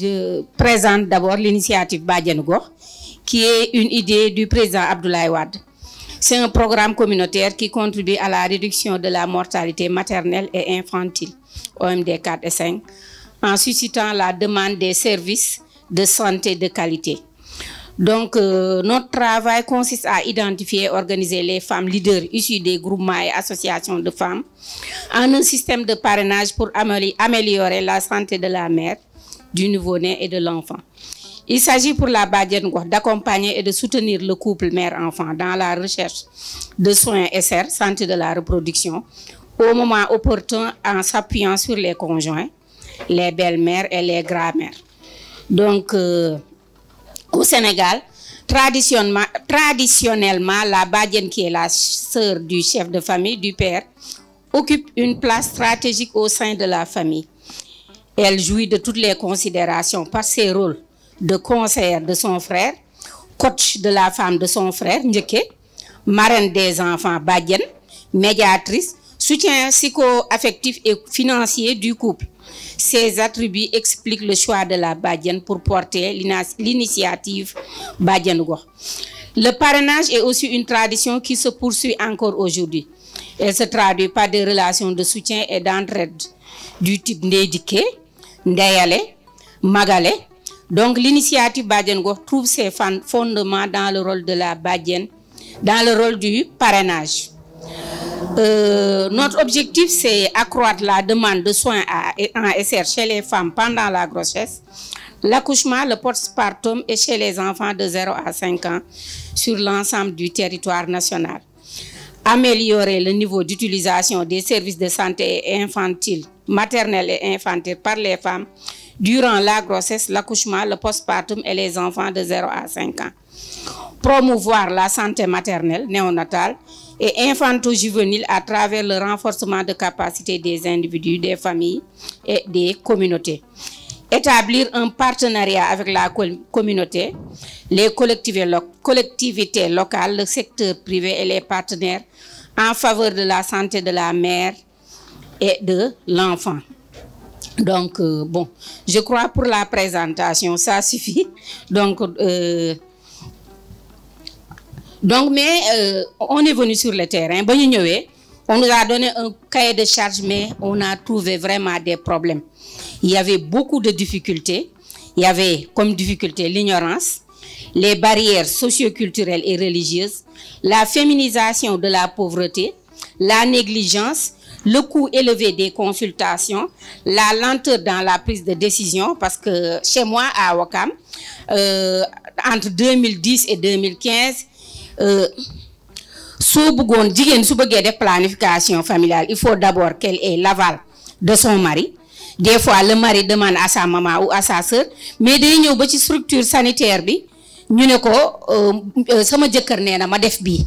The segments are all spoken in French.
Je présente d'abord l'initiative Badianougor, qui est une idée du président Abdoulaye Wade. C'est un programme communautaire qui contribue à la réduction de la mortalité maternelle et infantile, OMD 4 et 5, en suscitant la demande des services de santé de qualité. Donc, euh, notre travail consiste à identifier et organiser les femmes leaders issues des groupements et associations de femmes en un système de parrainage pour améliorer la santé de la mère du nouveau-né et de l'enfant. Il s'agit pour la Badienne d'accompagner et de soutenir le couple mère-enfant dans la recherche de soins SR, santé de la reproduction, au moment opportun en s'appuyant sur les conjoints, les belles-mères et les grands-mères. Donc, euh, au Sénégal, traditionnellement, traditionnellement la Badienne qui est la sœur du chef de famille, du père, occupe une place stratégique au sein de la famille elle jouit de toutes les considérations par ses rôles de conseillère de son frère, coach de la femme de son frère, Ndjeke, marraine des enfants, Badienne, médiatrice, soutien psycho-affectif et financier du couple. Ces attributs expliquent le choix de la Badienne pour porter l'initiative Badienne Le parrainage est aussi une tradition qui se poursuit encore aujourd'hui. Elle se traduit par des relations de soutien et d'entraide du type Ndédiké, ndeyale magale donc l'initiative Badjen trouve ses fondements dans le rôle de la Badjen dans le rôle du parrainage euh, notre objectif c'est accroître la demande de soins à, en SR chez les femmes pendant la grossesse l'accouchement, le postpartum et chez les enfants de 0 à 5 ans sur l'ensemble du territoire national. Améliorer le niveau d'utilisation des services de santé infantile maternelle et infantile par les femmes durant la grossesse, l'accouchement, le postpartum et les enfants de 0 à 5 ans. Promouvoir la santé maternelle, néonatale et infanto-juvénile à travers le renforcement de capacités des individus, des familles et des communautés. Établir un partenariat avec la communauté, les collectivités locales, le secteur privé et les partenaires en faveur de la santé de la mère, et de l'enfant. Donc, euh, bon, je crois pour la présentation, ça suffit. Donc, euh, donc mais euh, on est venu sur le terrain. on nous a donné un cahier de charge, mais on a trouvé vraiment des problèmes. Il y avait beaucoup de difficultés. Il y avait comme difficulté l'ignorance, les barrières socioculturelles et religieuses, la féminisation de la pauvreté, la négligence, le coût élevé des consultations, la lenteur dans la prise de décision, parce que chez moi à Wakam, euh, entre 2010 et 2015, euh, planification familiale, il faut d'abord qu'elle ait l'aval de son mari. Des fois, le mari demande à sa maman ou à sa soeur, mais il y une structure sanitaire, nous avons dit que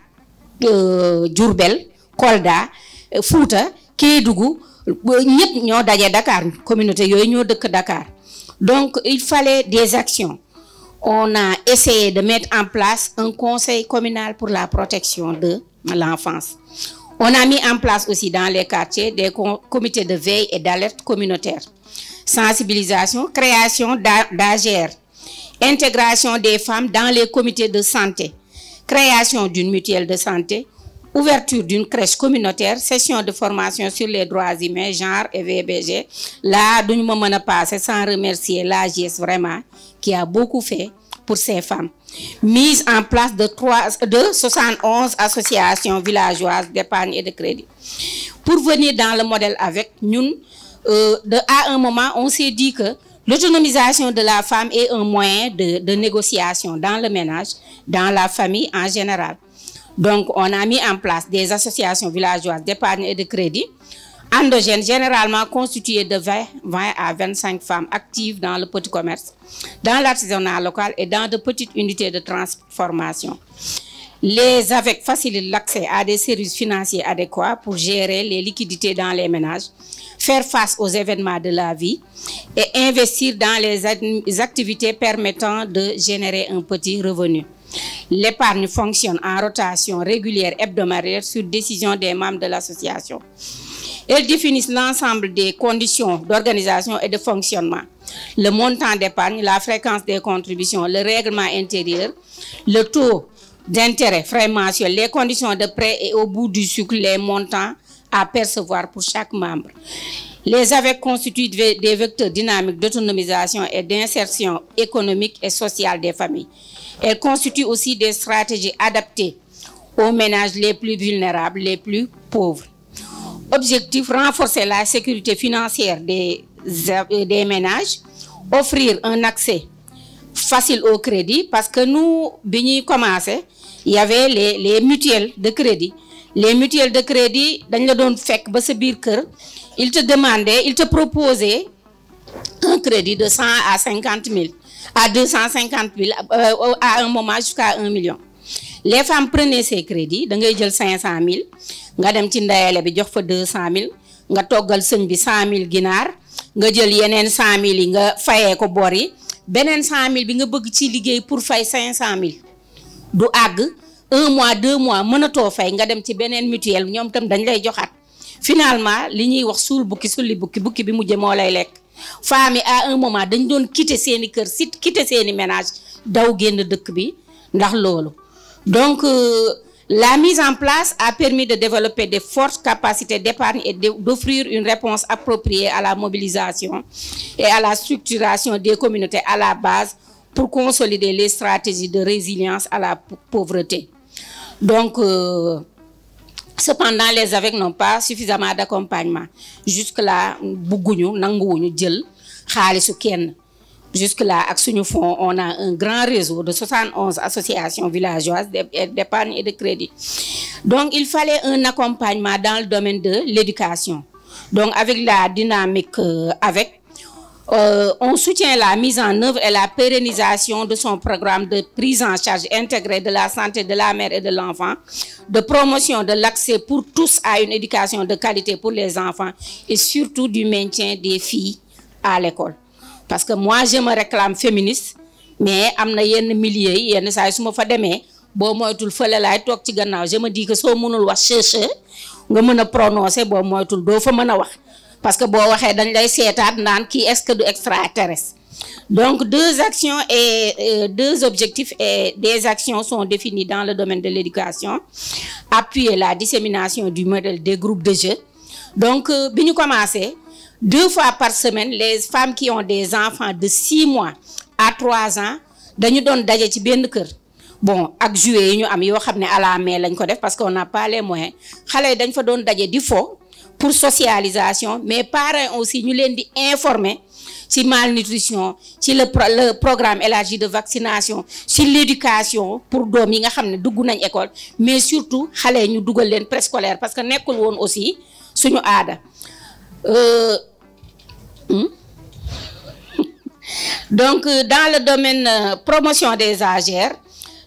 Kolda euh, Fouta euh, Dakar Dakar donc il fallait des actions on a essayé de mettre en place un conseil communal pour la protection de l'enfance on a mis en place aussi dans les quartiers des comités de veille et d'alerte communautaire sensibilisation création d'agères, intégration des femmes dans les comités de santé création d'une mutuelle de santé, ouverture d'une crèche communautaire, session de formation sur les droits humains, genre et VBG. Là, nous ne pouvons passer sans remercier l'AGS vraiment, qui a beaucoup fait pour ces femmes. Mise en place de, 3, 71 associations villageoises d'épargne et de crédit. Pour venir dans le modèle avec, nous, euh, de, à un moment, on s'est dit que L'autonomisation de la femme est un moyen de, négociation dans le ménage, dans la famille en général. Donc, on a mis en place des associations villageoises d'épargne et de crédit, endogènes généralement constituées de 20, 20 à 25 femmes actives dans le petit commerce, dans l'artisanat local et dans de petites unités de transformation les AVEC facilitent l'accès à des services financiers adéquats pour gérer les liquidités dans les ménages, faire face aux événements de la vie et investir dans les activités permettant de générer un petit revenu. L'épargne fonctionne en rotation régulière hebdomadaire sur décision des membres de l'association. Elles définissent l'ensemble des conditions d'organisation et de fonctionnement. Le montant d'épargne, la fréquence des contributions, le règlement intérieur, le taux d'intérêt vraiment sur les conditions de prêt et au bout du sucre les montants à percevoir pour chaque membre. Les AVEC constituent des vecteurs dynamiques d'autonomisation et d'insertion économique et sociale des familles. Elles constituent aussi des stratégies adaptées aux ménages les plus vulnérables, les plus pauvres. Objectif, renforcer la sécurité financière des, des ménages, offrir un accès facile au crédit parce que nous, quand nous commencé, il y avait les, mutuelles de crédit. Les mutuelles de crédit, dans ils te demandaient, ils te proposaient un crédit de 100 à 50 000, à 250 000, euh, à un moment jusqu'à 1 million. Les femmes prenaient ces crédits, donc ils 500 000, ils dem 200 000 ils toggal 100 000 ils nga 100 000 ils nga 100 000 beneen 100000 bi nga bëgg ci liggéey pour fay 500000 du àgg un mois deux mois mënatoo fay nga dem ci beneen mutuelle ñoom tam dañ lay joxaat finalement li ñuy wax suul bukki sulli bukki bukki bi mujj moo lay lekk femmes yi un moment dañ doon quitter seeni kër sit quitter seeni ménage daw génn dëkk bi ndax loolu donc. Euh, La mise en place a permis de développer des fortes capacités d'épargne et d'offrir une réponse appropriée à la mobilisation et à la structuration des communautés à la base pour consolider les stratégies de résilience à la pauvreté. Donc, euh, cependant, les AVEC n'ont pas suffisamment d'accompagnement. Jusque-là, nous avons Jusque-là, à on a un grand réseau de 71 associations villageoises d'épargne et de crédit. Donc, il fallait un accompagnement dans le domaine de l'éducation. Donc, avec la dynamique euh, avec, euh, on soutient la mise en œuvre et la pérennisation de son programme de prise en charge intégrée de la santé de la mère et de l'enfant, de promotion de l'accès pour tous à une éducation de qualité pour les enfants et surtout du maintien des filles à l'école parce que moi je me réclame féministe mais am yenn milieu yenn y a fa je me dis que si prononcer parce que est donc deux actions et euh, deux objectifs et des actions sont définis dans le domaine de l'éducation appuyer la dissémination du modèle des groupes de jeux. donc euh, bi nous deux fois par semaine les femmes qui ont des enfants de six mois à trois ans nous donnent des ci benn kër bon ak nous nous ñu am à la main parce qu'on n'a pas les moyens Nous avons dañ fa doon daje di fo pour socialisation mais parents aussi nous les di sur la malnutrition sur le programme élargi de vaccination sur l'éducation pour les yi nga xam ne école mais surtout xale ñu dugal leen préscolaire parce que nous avons aussi suñu Euh, Hmm? Donc, euh, dans le domaine euh, promotion des agères,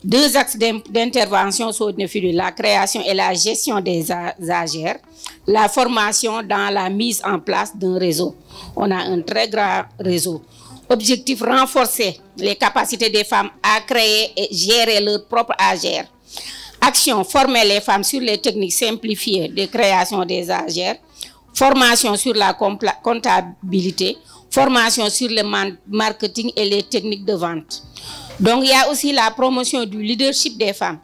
deux axes d'intervention sont de la création et la gestion des agères, la formation dans la mise en place d'un réseau. On a un très grand réseau. Objectif, renforcer les capacités des femmes à créer et gérer leur propre agère. Action, former les femmes sur les techniques simplifiées de création des agères, formation sur la comptabilité, formation sur le marketing et les techniques de vente. Donc, il y a aussi la promotion du leadership des femmes,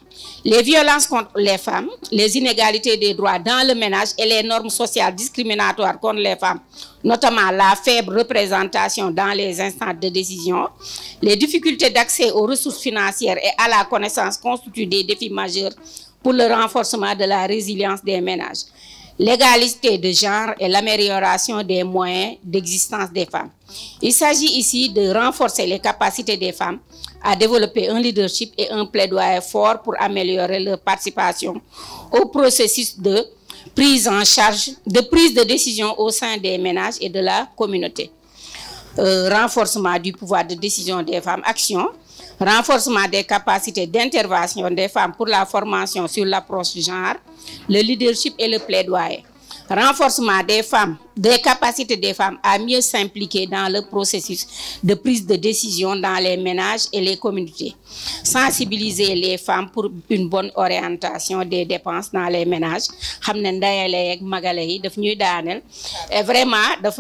les violences contre les femmes, les inégalités des droits dans le ménage et les normes sociales discriminatoires contre les femmes, notamment la faible représentation dans les instances de décision, les difficultés d'accès aux ressources financières et à la connaissance constituent des défis majeurs pour le renforcement de la résilience des ménages l'égalité de genre et l'amélioration des moyens d'existence des femmes. Il s'agit ici de renforcer les capacités des femmes à développer un leadership et un plaidoyer fort pour améliorer leur participation au processus de prise en charge, de prise de décision au sein des ménages et de la communauté. Euh, renforcement du pouvoir de décision des femmes, action renforcement des capacités d'intervention des femmes pour la formation sur l'approche du genre, le leadership et le plaidoyer. Renforcement des femmes, des capacités des femmes à mieux s'impliquer dans le processus de prise de décision dans les ménages et les communautés. Sensibiliser les femmes pour une bonne orientation des dépenses dans les ménages. xam vraiment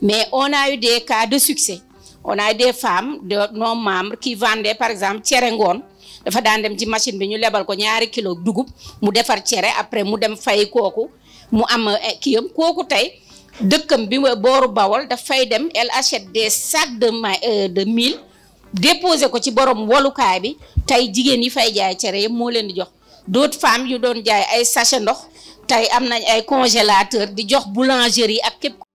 mais on a eu des cas de succès. on a des femmes de nos membres qui vendaient par exemple cere ngoon dafa daan dem ci machine bi ñu lebal ko ñaari kilo dugub mu defar cere après mu dem fay kooku mu am eh, kiyam kooku tey dëkkam bi booru Bawol daf fay dem elle achète des sacs de ma euh, de mil déposé ko ci borom wolukaay bi tey jigéen yi fay jaay cere yëpp moo leen di jox d'autres femmes yu doon jaay ay sachet ndox tey am nañ ay congélateur di jox boulangerie ak képp